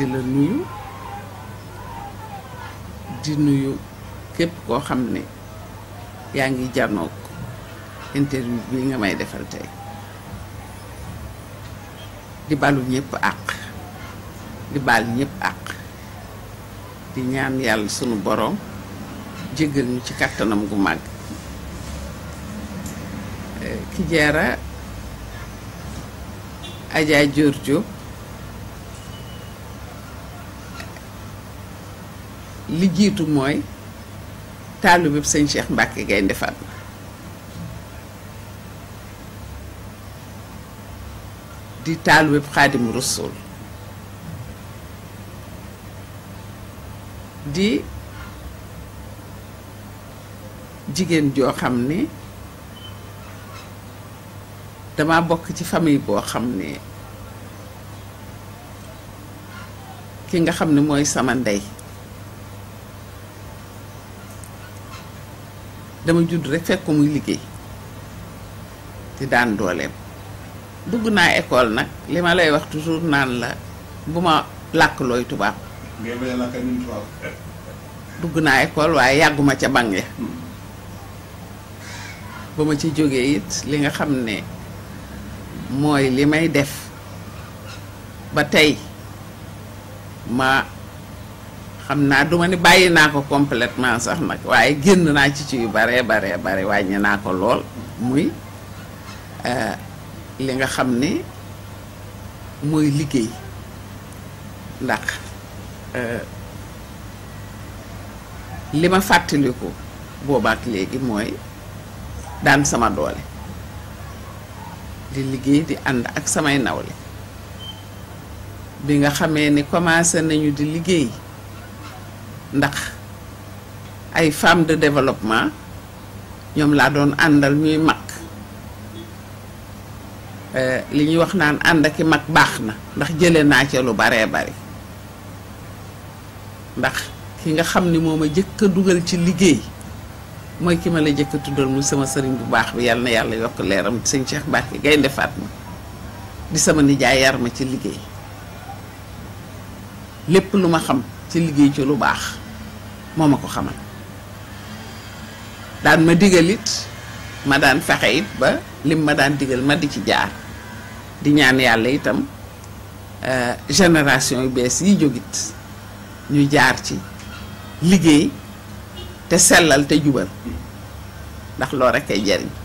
di la nuyu di nuyu képp koo xam ne yaa ngi janook interview bi nga may defal tey di balu ñëpp àq di baal ñëpp àq di ñaan yàlla sunu boroom jéggal ñu ci kàttanam gu màgg eh, ki jeera Adja Dior li jiitu mooy taalu bépp sëñ Cheikh Mbacke Gaynde Fatma di taalu bépp Xaadimu Rasuul di jigéen joo xam ni dama bokk ci famille boo xam ne ki nga xam ne mooy sama ndey dama judd rek fekk ko muy liggéey di daan dooleem dugg naa école nag li ma lay wax toujours naan la bu ma làkk looy tubaab. dugg naa école waaye yàgguma ca bang ya hmm. ba ma ci jógee it li nga xam ne mooy li may def ba tey ma xam naa duma ne bàyyi naa ko completement sax nag waaye génn naa ci ci yu baree bare bare wàññi naa ko lool muy euh, li nga xam ni mooy liggéey ndax euh, li ma fàttaliku boobaak léegi mooy daan sama doole di liggéey di ànd ak samay nawle bi nga xamee ni commencé nañu di liggéey ndax ay femmes de développement ñoom laa doon àndal ñuy mag euh, li ñuy wax naan ànd aki mag baax na ndax jële naa ca lu baree bari ndax ki nga xam ni moom ma jëkk a dugal ci liggéey mooy kii ma la jëkk a tuddal mu sama sëriñ bu baax bi yàlla na yàlla yokk leeram sëñ Cheikh yi Gaynde Fatma di sama nijaay yar ma ci liggéey lépp lu ma xam ci liggéey ci lu baax moo ma ko xamal daan ma digal it ma daan fexe it ba lim ma daan digal ma di ci jaar di ñaan yàlla itam euh, génération yu bees yi jógit ñu jaar ci liggéey te sellal te jubal ndax loo rekk ay jariñ